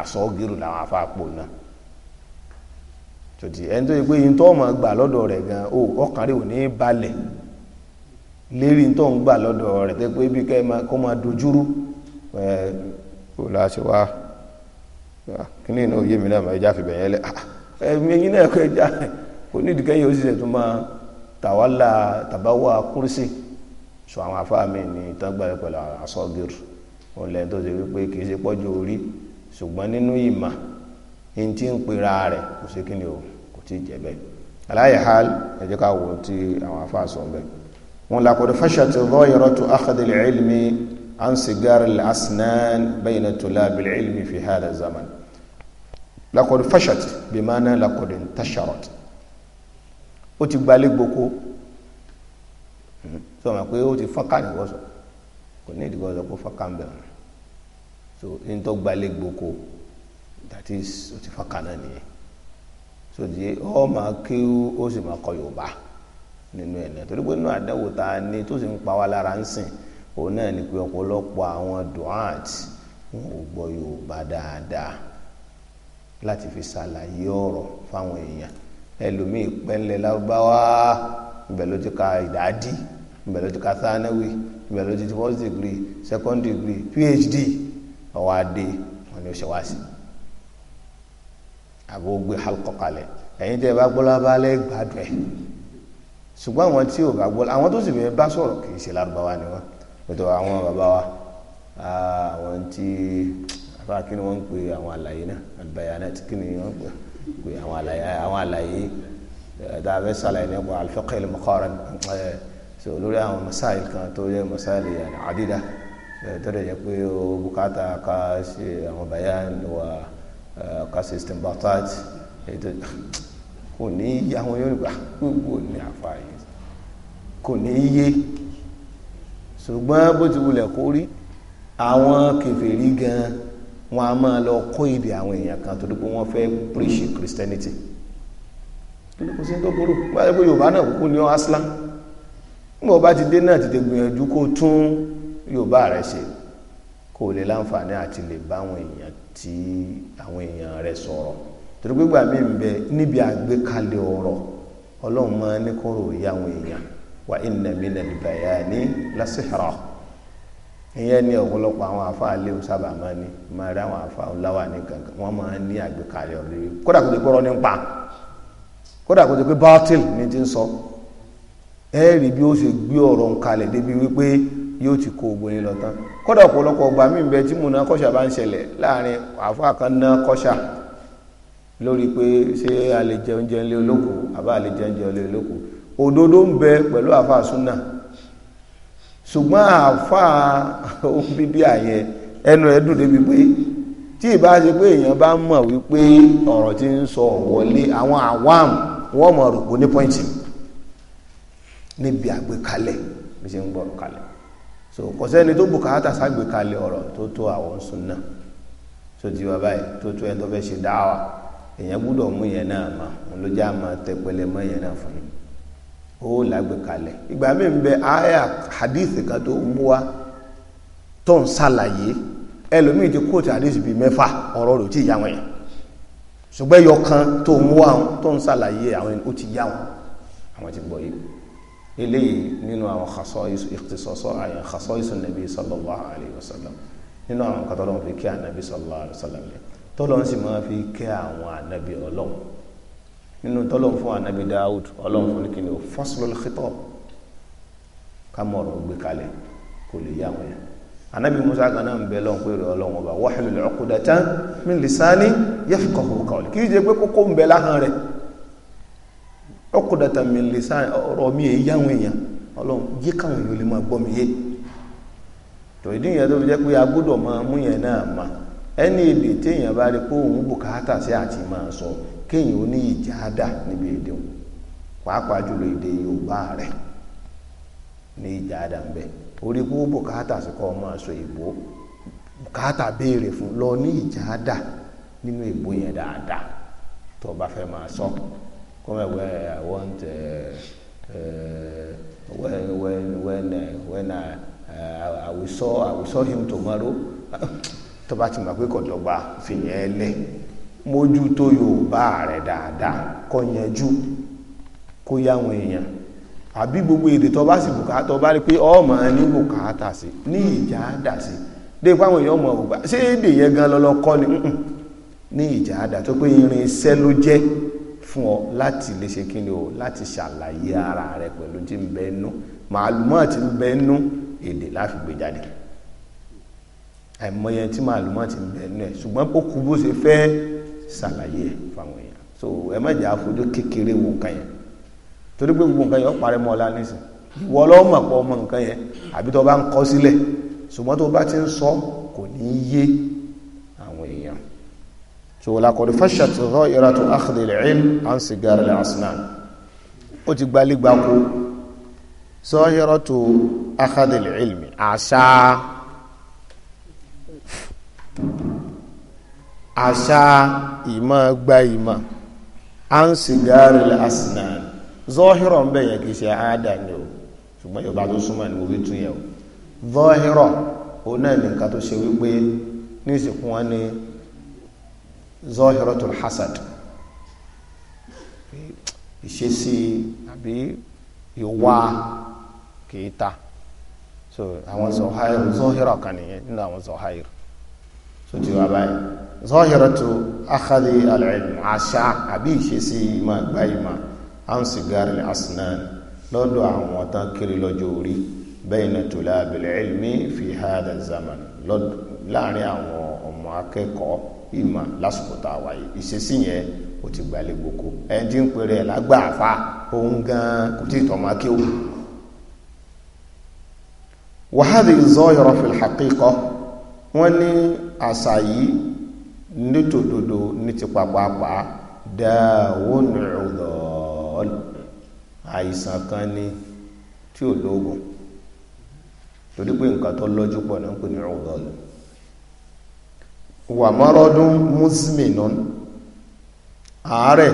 àsọgìrù làwọn afáàpò náà tòtí ẹni tó yẹ pé yín tó ọmọ gbà lọ́dọ̀ rẹ̀ gan o ọkàn ò ní balẹ̀ lérí tó ń gbà lọ́dọ̀ rẹ̀ tẹ́ pé bí kẹ kó máa dojúrú ẹ wá mi náà máa lẹ náà ẹja máa sọ àwọn afáàmì ní ìtàn tó ṣe wípé kì í ṣùgbọ́n nínú ìmà ní tí ń pera rẹ̀ kò sí kí ni o kò tí ì jẹ́ bẹ́ẹ̀ aláyẹ̀ ha ẹ jẹ́ ká wò tí àwọn afáà sọ bẹ́ẹ̀ wọn làkọ̀dé fashati dhahiratu akhdil ilmi an sigari al-asnan bayna tulabil ilmi fi hadha zaman làkọ̀dé fashati bí mana làkọ̀dé tasharot ó ti gbalé gboko sọ hmm, ma pé ó ti fọ́nká nìwọ́sọ̀ kò ní ìdíkọ́ sọ pé ń bẹ̀rẹ̀ so n tó gbalẹ̀ gboko that is o ti fọ́n kaná nìyẹn so di ọ máa kí ó sì máa kọ Yorùbá nínú ẹ̀ náà torí pé nínú àdáwò tá a ní tó sì ń pa wá lára ń sìn òun náà ni pé ọ̀pọ̀lọpọ̀ àwọn duat wọn ò gbọ́ Yorùbá dáadáa láti fi ṣàlàyé ọ̀rọ̀ fáwọn èèyàn ẹlòmíì pẹ́ńlẹ̀ lárúbáwá ibẹ̀ ló ti ka ìdádì ibẹ̀ ló ti ka thanawi ibẹ̀ ló ti ti first degree second degree PhD ọwọ́ adé wọn ni ó ṣe wá sí àbò gbé halkọ kalẹ̀ ẹ̀yin tẹ́ ẹ bá gbọ́lá bá lẹ́ gbádùn ẹ̀ ṣùgbọ́n àwọn tí ò bá gbọ́lá àwọn tó sì bẹ̀rẹ̀ bá sọ̀rọ̀ kì í ṣe lárúbáwá ni wọ́n pẹ̀tọ́ àwọn bàbá wa àwọn tí afa kí ni wọ́n ń pè àwọn àlàyé náà albayanat kí ni wọ́n ń pè pé àwọn àlàyé àwọn àlàyé dáa bẹ́ẹ̀ sàlàyé nípa al-fiqh al-muqaran so àwọn masáìl kan tó yẹ masáìl àdídá tọ́lẹ̀ yẹ pé o bùkátà ká ṣe àwọn bàyá wa ká ṣe stembatat kò ní yé àwọn yóò gbà gbogbo ní àfààní kò ní yé ṣùgbọ́n bó ti wulẹ̀ kó rí àwọn kèfèrí gan wọn a máa lọ kọ́ èdè àwọn èèyàn kan torí pé wọ́n fẹ́ preach Christianity torí kò sí tó burú wọ́n á yẹ pé Yorùbá náà kúkú ní ọ́ aslam nígbà wọ́n bá ti dé náà ti tẹ gbìyànjú kó tún yóò bá rẹ̀ ṣe kó o lè láǹfààní àti lè bá àwọn èèyàn tí àwọn èèyàn rẹ̀ sọ̀rọ̀ torí gbígbà mí ń bẹ níbi àgbékalẹ̀ ọ̀rọ̀ ọlọ́run máa ní kó rò yá wa inna min al-bayani ya, ìyẹn ní ọ̀pọ̀lọpọ̀ àwọn àfa àleu sábà máa ní máa rí àwọn àfa ọláwà ní kankan wọ́n máa ní àgbékalẹ̀ ọ̀rọ̀ yìí kódà kò ní pa kódà kò ní ti ń sọ bí ó ṣe gbé yóò ti kó ogun yín lọ tán kódà ọ̀pọ̀lọpọ̀ ọgbà mí bẹ tí múná kọ́ṣà bá ń ṣẹlẹ̀ láàrin àáfàá kan ná kọ́ṣà lórí pé ṣé a lè jẹ oúnjẹ ilé olóko àbá a lè jẹ oúnjẹ ilé olóko òdodo ń bẹ pẹ̀lú àáfàá súnà ṣùgbọ́n àáfàá bíbí àyẹn ẹnu ẹ̀ dùn débi pé tí ìbá ṣe pé èèyàn bá mọ̀ wípé ọ̀rọ̀ tí ń sọ wọlé àwọn àwam wọ́n mọ̀ rògbò ní pọ́ìntì níbi àgbékalẹ̀ bí ṣe ń gbọ́rọ̀ kalẹ̀ so kò sẹ́ni tó bùkátà ságbèkalẹ̀ ọ̀rọ̀ tó tó àwọn sunna tó ti wá báyìí tó tó ẹni tó fẹ́ ṣe dáwà èèyàn gbúdọ̀ mú yẹn náà mà wọn ló já tẹpẹlẹ mọ́ yẹn náà fún yín ó lágbèkalẹ̀ ìgbà mi ń bẹ aya hadith kan tó mú wa tó ń ṣàlàyé ẹlòmíì ti kóòtù hadith bíi mẹ́fà ọ̀rọ̀ rẹ̀ ó ti yá wọn yẹn ṣùgbọ́n ẹyọ kan tó mú wa tó ń ṣàlàyé àwọn ó ti yá wọn àwọn ti gbọ́ yìí eléyìí nínú àwọn khasaisu ikhtisaso àyàn khasaisu nàbí sallallahu alayhi wa sallam nínú àwọn nǹkan tó lọ́n fi kí ànàbí sallallahu alayhi wa sallam lẹ tó lọ́n sì máa fi kí àwọn ànàbí ọlọ́run nínú tó lọ́n fún ànàbí Dawud ọlọ́run fún kí ni o faslul khitab ká mọ̀ ọ̀rọ̀ gbé kalẹ̀ kò lè yá wọn yẹn ànàbí Musa kan ń bẹ lọ́n pé rẹ̀ ọlọ́run ọba wahlul uqdatan min lisani yafqahu qawli kì í ọkùdàtà mìlísà ọrọ mi èyí yáwọn èèyàn ọlọ́run yé káwọn gbọm ihe tọ gbọ́ mi yé tòdí ìyẹn ya fi jẹ́ pé ya gbọ́dọ̀ máa mú yẹn náà mà ẹni èdè téèyàn bá rí pé òun bùkátà si àti máa sọ kéèyàn ó ní orí sọ fún lọ o ba sọ. Come when I want, uh, uh, when, when, when, uh, when I, I will saw, I will saw him tomorrow. tó bá ti mọ̀ pé kọ̀dọ̀gba fìyẹn lẹ̀ mójútó Yorùbá rẹ̀ dáadáa yanjú kó èèyàn àbí gbogbo èdè tó bá sì bùkátà bá rí pé ọmọ ní bùkátà sí ní ìjà àdà sí dé fáwọn èèyàn ọmọ ògbà ṣé èdè yẹn gan lọlọ kọ́ ni ní ìjà àdà tó pé irin iṣẹ́ ló jẹ́ fún ọ láti lè ṣe kí ni o láti ṣàlàyé ara rẹ pẹ̀lú tí ń bẹ nú màálùmọ́ ti ń bẹ nú èdè láfi gbé jáde àìmọye tí màálùmọ́ ti ń bẹ nú ẹ̀ ṣùgbọ́n ó kú bó ṣe fẹ́ ṣàlàyé ẹ̀ fáwọn èèyàn so ẹ má jẹ́ àfojú kékeré wo nǹkan yẹn torí pé gbogbo nǹkan yẹn ó parẹ́ mọ́ ọ lánìsín ìwọ ọlọ́mọ pọ̀ ọmọ nǹkan yẹn àbí tó bá ń kọ́ sílẹ̀ ṣùgbọ́n tó bá ti ń sọ kò ní í yé so làkọ̀dé fásitì rọ ìràtò àkàdélé ẹ̀m àn sì gàrẹ̀lẹ̀ àsìnàn ó ti gbalígbako sọ ìràtò àkàdélé ẹ̀m àṣà àṣà ìmọ̀ gba ìmọ̀ àn sì gàrẹ̀lẹ̀ àsìnàn zọ́hírọ̀ ń bẹ̀yẹ̀ kì í ṣe àádà ni o ṣùgbọ́n yorùbá tó súnmọ́ ni mo fi tún yẹ o zọ́hírọ̀ òun náà ní nǹkan tó ṣe wípé ní ìsìnkú zohiratul hasad ìṣesí àbí ìwà kìí ta so àwọn zohir zohira kan nìyẹn nínú àwọn zohir so ti wá báyìí zohiratu akhadhi al-ilm àṣà àbí ìṣesí ìmọ̀ àgbà ìmọ̀ ansigar al-asnan lọ́dọ̀ àwọn tán kiri lọ́jọ́ orí bayna tulabil ilmi fi hadha zaman láàrin àwọn ọmọ akẹ́kọ̀ọ́ ìmọ̀ lásìkò tá a wáyé ìṣesí yẹn ó ti gbalẹ̀ gboko ẹni tí ń pèrè ẹ̀ lágbà àfa òun gan kò tí ì tọ́ máa kéwù. wàhálà ìzọ́ yọrọ̀ fìlàkì kọ́ wọ́n ní àṣà yìí nítòdodo ní ti pàpàpà dáwọ́n ọ̀dọ́ọ̀lù àìsàn kan ní tí ò lóògùn torí pé nǹkan tó lọ́jú pọ̀ náà ń pè wà mọ́rọ́dún mùsùlùmí àárẹ̀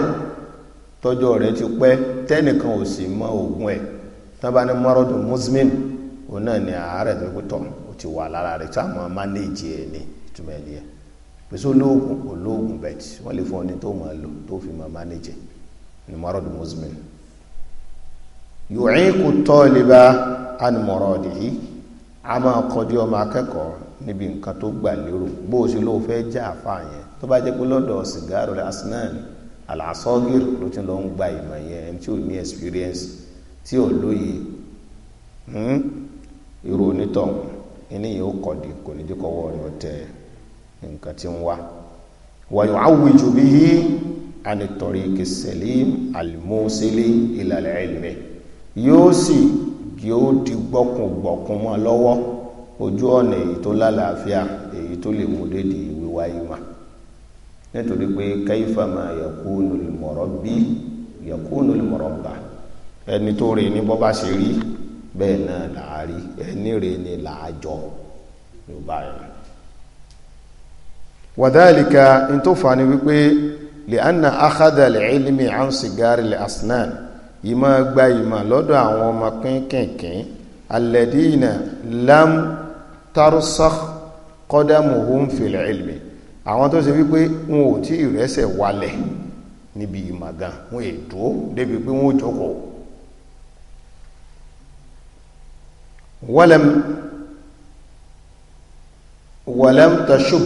tọ́jọ́ rẹ̀ ti pẹ́ tẹ́nìkan ò sì mọ ògùn ẹ̀ tán bá ní mọ́rọ́dún mùsùlùmí òun náà ni àárẹ̀ tó kú tọ̀ ó ti wà lára rẹ̀ tá a máa ẹ̀ ní túmọ̀ ẹ̀ díẹ̀ pèsè olóògùn olóògùn bẹ́ẹ̀tì wọ́n lè fún ọ ní tó máa lò tó fi máa mánéèjì ní mọ́rọ́dún mùsùlùmí yòóyìn kò tọ́ ẹ̀ lè bá ànumọ̀rọ̀ ọ̀dì yìí a máa kọjú ọmọ akẹ́kọ̀ọ́ níbi nǹkan tó gbà lérò bó o ṣe ló fẹ́ já àfáà yẹn tó bá jẹ́ pé lọ́dọ̀ sìgáàrò asinan alasọ́gìrì ló ti lọ ń gba ìmọ̀ yẹn ẹni tí ò ní experience tí ò lóye hmm? irú onítọ̀hún eléyìí ó kọ̀ kò ní dé kọ́wọ́ ọ̀yọ́ tẹ nǹkan tí ń wá wàyọ̀ awùjù bí i anìtọ̀rí kìsẹ̀lẹ̀ àlùmọ́sílẹ̀ ìlàlẹ̀ ẹ̀lẹ̀ yóò sì. Si, yóò di gbọ́kùngbọ̀kùn mọ́ lọ́wọ́ ojú ọ̀nà èyí tó lálàáfíà èyí tó lè mú dédì wíwá ìmà nítorí pé kaifa ma yakunu al-murabbi yakunu al-murabba ẹni tó rè ní bọ́bá ṣe rí bẹ́ẹ̀ náà làárí ẹni rè ní làájọ yorùbá yẹn. wa dhalika ntòfà ni wípé li anna akhadha al-ilmi an sigari al-asnan ìmọ̀ gba ìmọ̀ lọ́dọ̀ àwọn ọmọ kínkìnkín alẹ́dínà lam tarsakh qadamuhum fil ilmi àwọn tó ṣe wípé wọn ò tí ìrẹsẹ̀ walẹ̀ níbi ìmọ̀ gan wọn èdò débi pé wọn ò jókòó walam walam tashub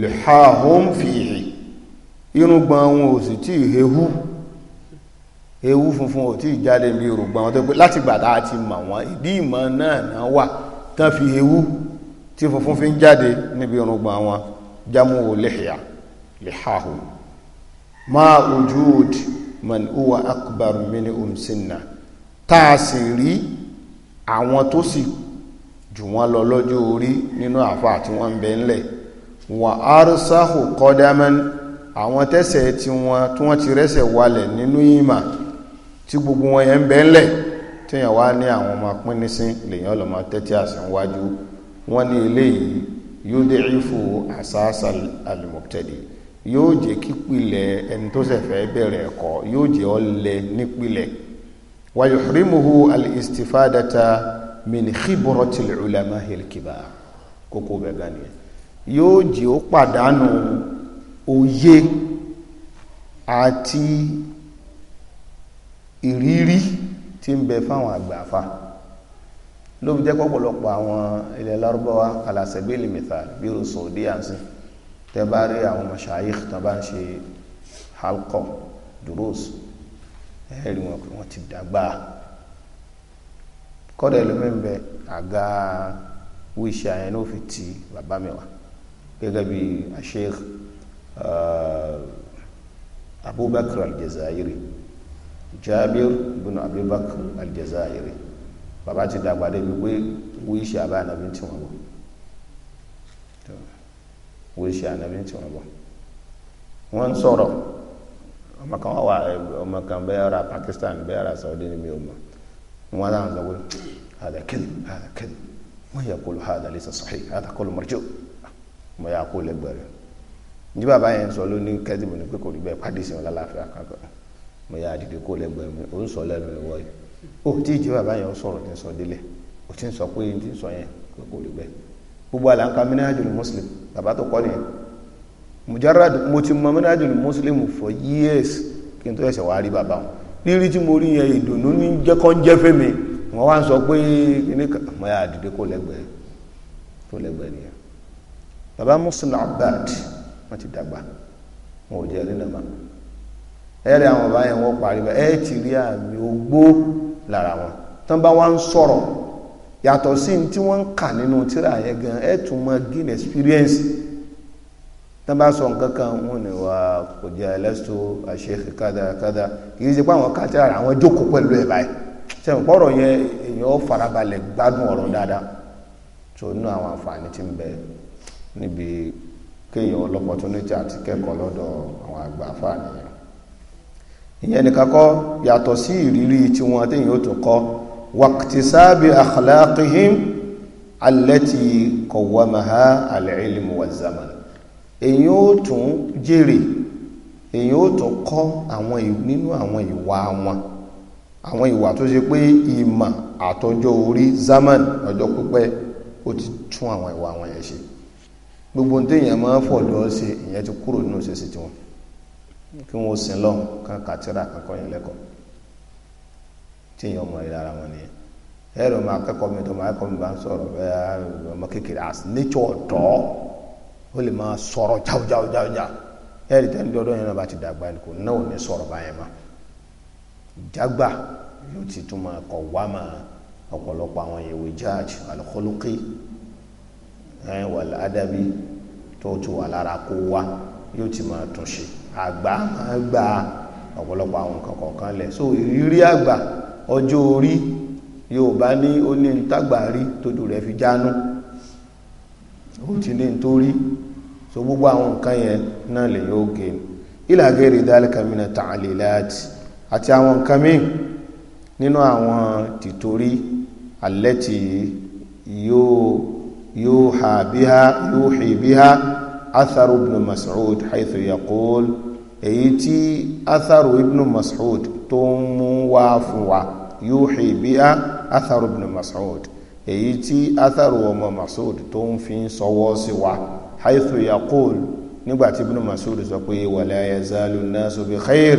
lihahum fihi irùngbọ̀n wọn ò sì tí ì hehu ewu funfun ò tí ì jáde níbi yorùbá wọn tó pé láti gbàdá àti mọ̀ wọn ìdí ìmọ̀ náà náà wà tán fi ewu tí funfun fi ń jáde níbi yorùbá wọn jamu wò lihya lihahu ma ujud man huwa akbar minhum sinna tá a sì rí àwọn tó sì jù wọ́n lọ lọ́jọ́ orí nínú àfáà tí wọ́n ń bẹ ńlẹ̀ wà arsahu qadaman àwọn tẹ́sẹ̀ tí wọ́n ti rẹ́sẹ̀ walẹ̀ nínú ìmà tí gbogbo wọn yẹn ń bẹ ńlẹ̀ tíyàn wá ní àwọn ọmọ pín nísìn lèyàn lọ́mọ tẹ́tí àsìn wájú wọ́n ní eléyìí yóò dé ìfò àsáàsà àlùmọ̀tẹ́lì yóò jẹ́ kípìlẹ̀ ẹni tó ṣẹ̀fẹ̀ bẹ̀rẹ̀ ẹ̀kọ́ yóò jẹ́ ọlẹ̀ nípìlẹ̀ wa yuhrimuhu al-istifadata min khibrati al kókó bẹ́ẹ̀ gan yóò jẹ́ ó pàdánù òye àti ìrírí tí ń bẹ fáwọn àgbààfà ló fi jẹ́ pọ̀pọ̀lọpọ̀ àwọn ilẹ̀ lárúbáwá kàlàsẹ̀bílì mẹ́ta bírò sòdí àǹsí tẹ́ bá rí àwọn mashayikh tó bá ń ṣe halkọ duros ẹ̀rí wọn pé wọ́n ti dàgbà kọ́dà ẹlòmíín bẹ àga wíṣẹ́ àyẹn ló fi ti bàbá mi wá gẹ́gẹ́ bí Sheikh eh, Abubakar al Jabir ibn Abubakar al-Jazairi bàbá ti dàgbà débi pé wíṣẹ àbá ànàbí tí wọn bọ wíṣẹ ànàbí tí wọn bọ wọn ń sọ̀rọ̀ ọmọ kan wà ọmọ kan bẹ́ẹ̀ ara Pakistan bẹ́ẹ̀ ara Saudi ni mi ò mọ̀ wọn láwọn sọ pé hàdà kìlì hàdà kìlì wọn yà kó lu hàdà lẹsẹ sọhí hàdà lu mọrjọ mo yà kó lẹgbẹrẹ ní bàbá yẹn sọ lóní kẹdìbò ní pé kò rí bẹ́ẹ̀ pàdé sí wọn lálàáfíà kankan mo yà àdìgẹ kó lẹ́gbẹ̀ẹ́ mi ò ń sọ lẹ́nu ìwọ yìí ó tí ìjì bàbá yẹn sọ̀rọ̀ tí ń sọ délẹ ó ti ń sọ pé tí ń sọ yẹn pé kò rí bẹ́ẹ̀ gbogbo àlàǹkà minhajul muslim bàbá tó kọ́ nìyẹn mujarrad mo ti mọ minhajul muslim for years kí n tó ẹsẹ̀ wàá rí bàbá wọn rírí tí mo rí yẹn ìdùnnú ní jẹ́kọ́ ń jẹ́ fẹ́mi wọ́n wá ń sọ pé kíní mo yà àdìgẹ kó lẹ́gbẹ̀ẹ́ kó lẹ́gbẹ̀ẹ́ ẹ̀rẹ̀ àwọn ọba yẹn wọ́n parí bẹ́ẹ̀ ẹ̀ ti rí àmì ogbó lára wọn tán bá wá ń sọ̀rọ̀ yàtọ̀ sí ní tí wọ́n ń kà nínú tíra yẹn gan ẹ̀ tún mọ gain experience tán bá sọ nǹkan kan wọn ni wà kò jẹ́ ẹlẹ́sọ àṣekì kádàkádà kì í ṣe pé àwọn kàtí ara àwọn jókòó pẹ̀lú ẹ̀ báyìí sẹ́wọ̀n pọ̀rọ̀ yẹn èèyàn farabalẹ̀ gbádùn ọ̀rọ̀ dáadáa tó nínú àwọn àǹfààní tí ń bẹ níbi kéèyàn opportunity àti ìyẹn nìkan kọ́ yàtọ̀ sí ìrírí tí wọ́n tí yóò tún kọ́ waqtisabi akhlaqihim allati qawwamaha al-ilm wa zaman èyí ó tún jèrè èyí ó tún kọ́ àwọn nínú àwọn ìwà wọn àwọn ìwà tó ṣe pé ìmọ̀ àtọjọ́ orí zaman ọjọ́ pípẹ́ ó ti tún àwọn ìwà wọn yẹn ṣe gbogbo ní téèyàn máa ń fọ̀ lọ́ọ́ ṣe ìyẹn ti kúrò nínú ṣe sí tiwọn kí wọn ó sin lọ kán kàtírà kankan yẹn lẹ́kọ̀ọ́ tí èèyàn mọ ìlà ara wọn nìyẹn ẹrù ọmọ akẹ́kọ̀ọ́ mi tó ọmọ akẹ́kọ̀ọ́ mi bá ń sọ̀rọ̀ bẹ́ẹ̀ ọmọ kékeré as nature ọ̀dọ́ ó lè máa sọ̀rọ̀ jáujáujáujá ẹrù tẹni dọdọ yẹn náà bá ti dàgbà ẹni kò náà ò ní sọ̀rọ̀ báyẹn mọ́ jágbà yóò ti tún máa kọ wá máa ọ̀pọ̀lọpọ̀ àwọn ìwé jáàjì alukólókè ẹ wàlá adabi tó ti wà lára kó wá yóò ti máa tún ṣe àgbà máa gba ọ̀pọ̀lọpọ̀ àwọn nǹkan kọ̀ọ̀kan lẹ̀ so ìrírí àgbà ọjọ́ orí yóò bá ní ó ní ntàgbà rí tójú rẹ̀ fi jánú ó ti ní nítorí so gbogbo àwọn nǹkan yẹn náà lè yóò gé ìlàgẹ́rì dálẹ́kàmínà tààlélàtì àti àwọn nǹkan míì nínú àwọn tìtorí alẹ́tì yóò yóò hà bíhá yóò hì bíhá atharu ibn Mas'ud haythu yaqul èyí tí atharu ibn mas'ud tó ń mú wá fún wa yuhi biha atharu ibn mas'ud èyí tí atharu ọmọ mas'ud tó ń fi sọwọ́ sí wa haythu yaqul nígbàtí ibn mas'ud sọ pé wala yazalu nasu bi khair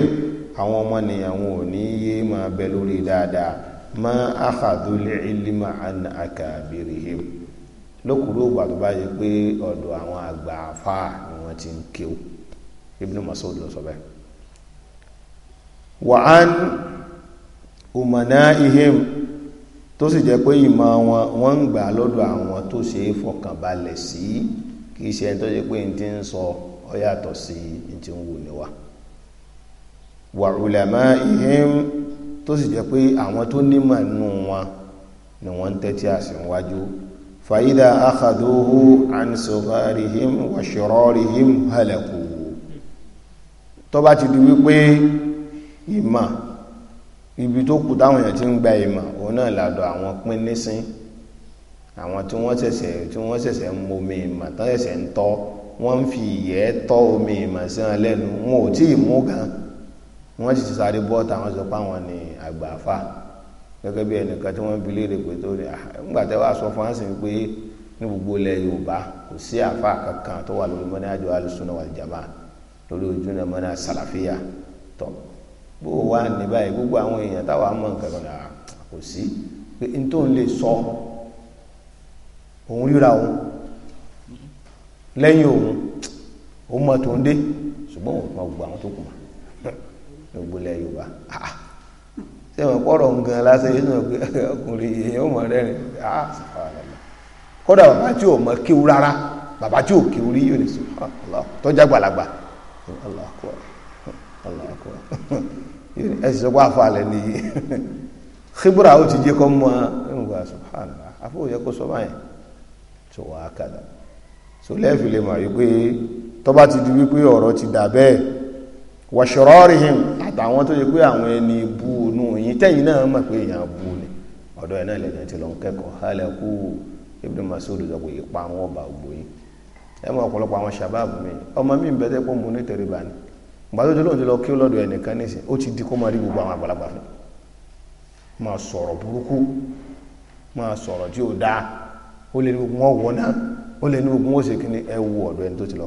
àwọn ọmọ nìyàn wọn ò ní yé máa bẹ lórí dáadáa ma akhadhu al-ilma an akabirihim lókùrú ògbà tó bá yẹ pé ọ̀dọ̀ àwọn àgbà àfáà ni wọ́n ti ń kéwò Ibn Mas'ud ló sọ bẹ́ẹ̀ wàhán umana ihim tó sì jẹ́ pé ìmọ̀ wọn wọ́n ń gbà lọ́dọ̀ àwọn tó ṣe é fọkànbalẹ̀ sí kì í ṣe ẹni tó ṣe pé ní ti ń sọ ọ yàtọ̀ sí ní ti ń wù níwà wà ulama ihim tó sì jẹ́ pé àwọn tó nímọ̀ nù wọn ni wọ́n ń an sugharihim wa shirarihim halaku tó bá ti di wípé ìmọ̀ ibi tó kù táwọn èèyàn ti ń gba ìmọ̀ òun náà làdọ̀ àwọn pín nísìn àwọn tí wọ́n ṣẹ̀ṣẹ̀ tí wọ́n ṣẹ̀ṣẹ̀ ń momi ìmọ̀ tán ṣẹ̀ṣẹ̀ ń tọ́ wọ́n ń fi ìyẹ́ tọ́ omi ìmọ̀ sí wọn lẹ́nu wọn ò tí ì mú gan wọ́n sì ti sáré bọ́ táwọn sọ pé àwọn ni àgbààfà gẹ́gẹ́ bí ẹnìkan tí wọ́n bi léèrè pé tó ní nígbà wàá sọ fún wa pé ní gbogbo ilẹ̀ Yorùbá kò sí àáfà kankan tó wà lórí mọ́ni àjọ alùsùn náà wà ní jàmáà lórí ojú náà mọ́nà sàlàfíà tọ̀ bó wà ní báyìí gbogbo àwọn èèyàn táwa mọ̀ nǹkan kan náà ah, kò sí pé n tó ń lè sọ òun ríra òun lẹ́yìn òun òun mọ̀ tó ń dé ṣùgbọ́n òun mọ̀ gbogbo àwọn tó kù mọ̀ gbogbo ilẹ̀ Yorùbá ah, ṣé wọn kọ́ ọ̀rọ̀ nǹkan lásán eh, yìí sọ̀rọ̀ pé ọkùnrin èèyàn ò mọ̀ rẹ́rìn kódà bàbá tí ò mọ̀ kéwu rárá bàbá tí ò kéwu rí yóò ní sọ ah, tọ́jà gbàlagbà Allah akbar Allah akbar ẹ sì sọ pé àfàlẹ́ nìyí xibra ó ti jẹ́ kọ́ mọ́ ẹnu gba subhanallah àfọwọ́ yẹ kó sọ báyìí tó wàá kàdà so lẹ́ẹ̀fì lè mọ̀ wípé tọ́ba ti di wípé ọ̀rọ̀ ti dà bẹ́ẹ̀ wàṣọ̀rọ̀rìhìn àtàwọn tó yẹ pé àwọn ẹni bú nù yín tẹ́yìn náà mọ̀ pé èèyàn bú ni ọ̀dọ̀ ẹ̀ náà lẹ́yìn tí lọ́n kẹ́kọ̀ọ́ hálẹ̀ kú Ibn Mas'ud lọ́gbọ̀ yìí pa ọba ògbóyin ẹ mọ ọ̀pọ̀lọpọ̀ àwọn sàbáàbù mi ọmọ mi ń bẹ tẹ́ pọ́ mo ní tẹ̀rẹ̀bà ni gbàdó tó lóun ti lọ kí nísìn ó ti di kó máa rí gbogbo àwọn àgbàlagbà fún máa sọ̀rọ̀ burúkú máa sọ̀rọ̀ tí ò dáa ó lè ní gbogbo wọn wọ náà ó lè ní gbogbo wọn ṣe kíni ẹ ẹni tó ti lọ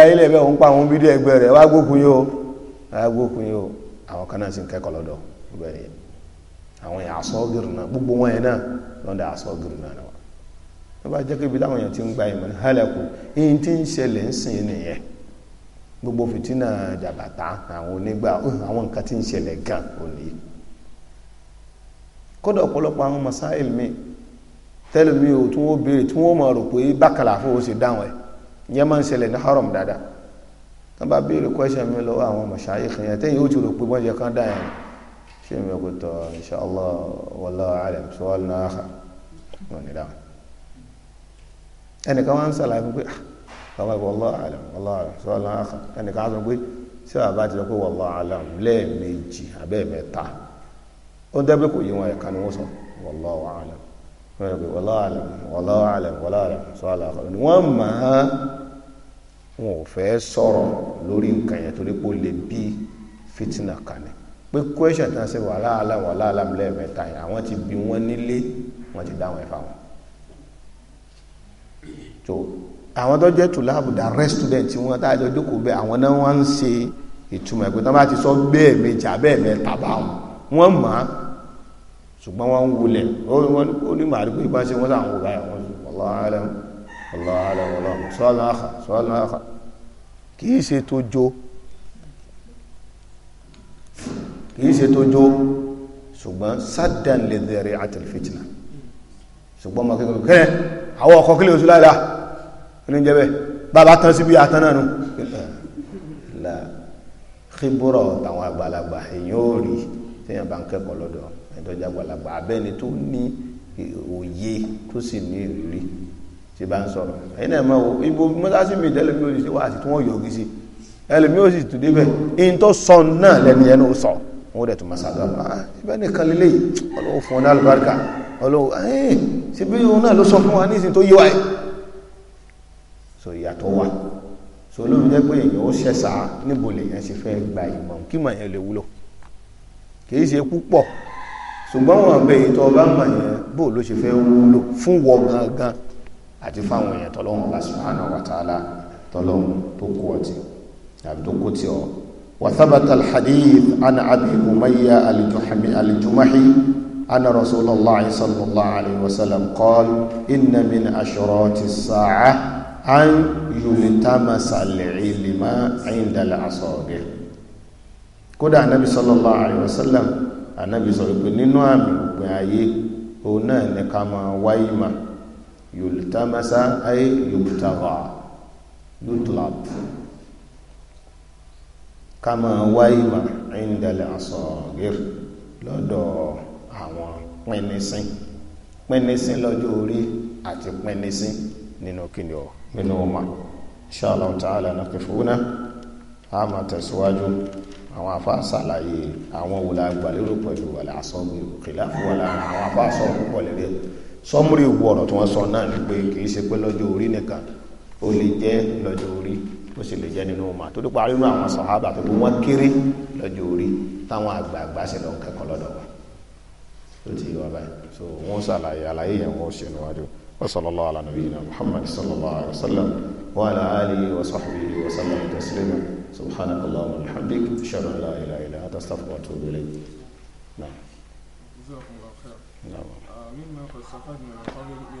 yẹn o wá gbókun o àwọn èèyàn asọ́gìrì náà gbogbo wọn yẹn náà lọ́dà asọ́gìrì náà wà wọ́n bá jẹ́ kébi láwọn èèyàn ti ń gba ìmọ̀ ní hálẹ̀kù èyí tí ń ṣẹlẹ̀ ń sìn nìyẹn gbogbo fìtínà jàbàtà àwọn onígbà àwọn nǹkan tí ń ṣẹlẹ̀ gan òní kódà ọ̀pọ̀lọpọ̀ àwọn masáìlì mi tẹ́lẹ̀mí o wọ́n béèrè tí wọ́n máa rò pé bákàlà fún o dáhùn ẹ̀ ìyẹn máa ń ṣẹlẹ̀ ní شيء يقول إن شاء الله والله أعلم سؤالنا آخر ونعم ẹnì kan wá ń sàlàyé fún pé àwọn ìwọ wallahu alam wallahu alam sọ́ọ́lá àkà ẹnì kan á sọ pé ṣé àbá ti sọ pé wallahu alam lẹ́ẹ̀mejì àbẹ́ mẹ́ta ó dẹ́gbẹ́ kò yí wọn ẹ̀ka ni wọ́n sọ wallahu alam wọ́n yẹ pé wallahu alam wallahu alam wallahu alam sọ́ọ́lá àkà ni wọ́n máa wọn ò fẹ́ sọ̀rọ̀ lórí nǹkan yẹn torí pé ó lè bí fìtínà kan ni pé question tán ṣe wàhálà alam wàhálà alam lẹ́ẹ̀mẹ́ta yẹn àwọn ti bí wọ́n nílé wọ́n ti dáwọn ẹ̀fà wọn so àwọn tó jẹ́ tùláàbù direct student wọn tá a jọ jókòó bẹ́ẹ̀ àwọn náà wọ́n ń ṣe ìtumọ̀ ẹ̀gbẹ́ tán bá ti sọ bẹ́ẹ̀ méjì abẹ́ẹ̀ mẹ́ta bá wọn wọ́n mọ̀ á ṣùgbọ́n wọ́n ń wulẹ̀ ó ní màá rí pé bá ṣe wọ́n sàn wò báyìí wọ́n wallahu alam wallahu alam wallahu sọ́ọ̀lù àkà sọ́ọ̀lù àkà kì í ṣe tó jo kìí ṣe tó jó ṣùgbọ́n sádàn lè dẹ̀rẹ̀ àtẹ̀lẹ́fìtìnà ṣùgbọ́n ma kékeré kẹ́rẹ́ àwọn ọkọ̀ kílẹ̀ oṣù láìla inú jẹ́ bẹ́ẹ̀ bàbá tán síbi àtán náà nù la kíbúrọ̀ àwọn àgbàlagbà èèyàn ò rí téèyàn bá ń kẹ́kọ̀ọ́ lọ́dọ̀ ẹ̀dọ́jà àgbàlagbà abẹ́ni tó ní òye tó sì ní ìrírí tí bá ń sọ̀rọ̀ ẹ̀yin náà máa ibo mọ́tàsí mi ìdẹ́lẹ̀ mi ò sì wá àti tí wọ́n yọ̀ọ́gí sí ẹlòmí ò sì tù débẹ̀ ìyìn tó sọ náà lẹ́nu yẹn ló sọ wọ́n dẹ̀ tún máa sàdọ́ àpá ah, ibẹ̀ nìkan lélẹ̀ yìí ọlọ́wọ́ fún ọdá alùbáríkà ọlọ́wọ́ ẹ̀yìn sí eh, bí òun náà ló sọ fún wa ní ìsìn tó yíwa ẹ̀ so ìyàtọ̀ wà so olóòrùn jẹ́ pé èèyàn ó ṣẹ̀ṣà níbo lèèyàn ṣe fẹ́ gba ìmọ̀ kí mọ̀ yẹn lè wúlò kì í ṣe púpọ̀ ṣùgbọ́n wọn bẹ ètò ọba mọ̀ yẹn bó ló ṣe fẹ́ wúlò fún wọ gangan àti fáwọn èèyàn tọ́lọ́hún subhanahu wa ta'ala tọ́lọ́hún tó kó ọtí tàbí tó kó tí ọ وثبت الحديث عن أبي أمية الجمحي أن رسول الله صلى الله عليه وسلم قال إن من أشراط الساعة أن يلتمس العلم عند الأصابع kódà anabi sallallahu alayhi wa sallam anabi sọ pé nínú àmì òpin ayé òun náà ní ká máa wá ìmà yòlùtàmásá ayé yòlùtàwà yòlùtàwà Kama máa wá ìmọ̀ ìndẹ̀lẹ̀ àsọ̀gẹ́rì lọ́dọ̀ àwọn pínínsín pínínsín lọ́jọ́ orí àti pínínsín nínú kíni ọ̀ nínú ọmọ inshallah ta'ala naqifu huna a máa tẹ̀síwájú àwọn afá ṣàlàyé àwọn wòlá gbàlérò pẹ̀lú wàlá àsọ̀gẹ́rì kìláfù wàlá àwọn afá sọ púpọ̀ lédè sọmúrì ìwú tí wọ́n sọ náà ni pé kì í ṣe pé lọ́jọ́ orí nìkan ó lè jẹ́ lọ́jọ́ orí bó ṣe lè jẹ́ nínú wọn torí parí nínú àwọn sọ̀hábà tó wọ́n kéré lọ́jọ́ orí táwọn àgbààgbà ṣe lọ kẹ́kọ̀ọ́ lọ́dọ̀ wọn tó ti wà báyìí so wọ́n ṣàlàyé àlàyé yẹn wọ́n ṣe níwájú وصلى الله على نبينا محمد صلى الله عليه وسلم وعلى آله وصحبه وسلم تسليما سبحانك اللهم وبحمدك أشهد أن لا إله إلا أنت أستغفرك وأتوب إليك نعم جزاكم الله خير نعم مما قد استفدنا من قبل